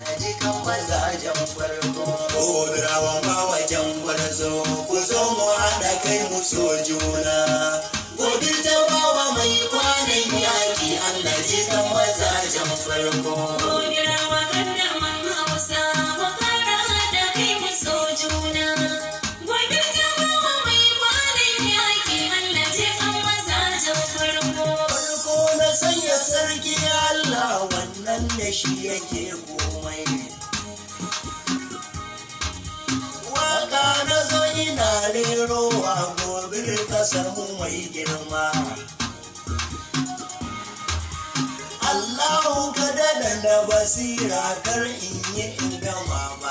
Jikan mazajen farko, Obirawan bawajen gwarzo, ku zo mu haɗa kai mu so juna. shi yake komai waka na zo ina a gobir kasar mu mai girma Allahu ka da basira kar in yi in gama ba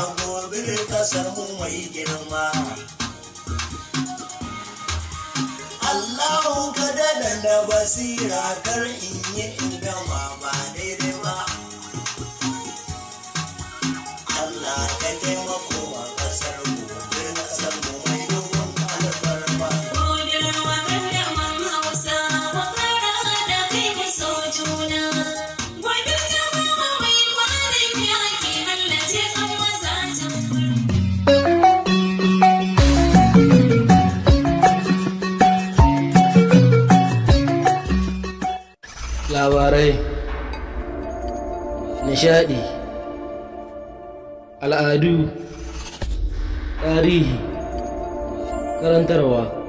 gobe kasar mu mai girma Allahu ka dada da basira kar in yi in labarai nishadi al'adu tarihi karantarwa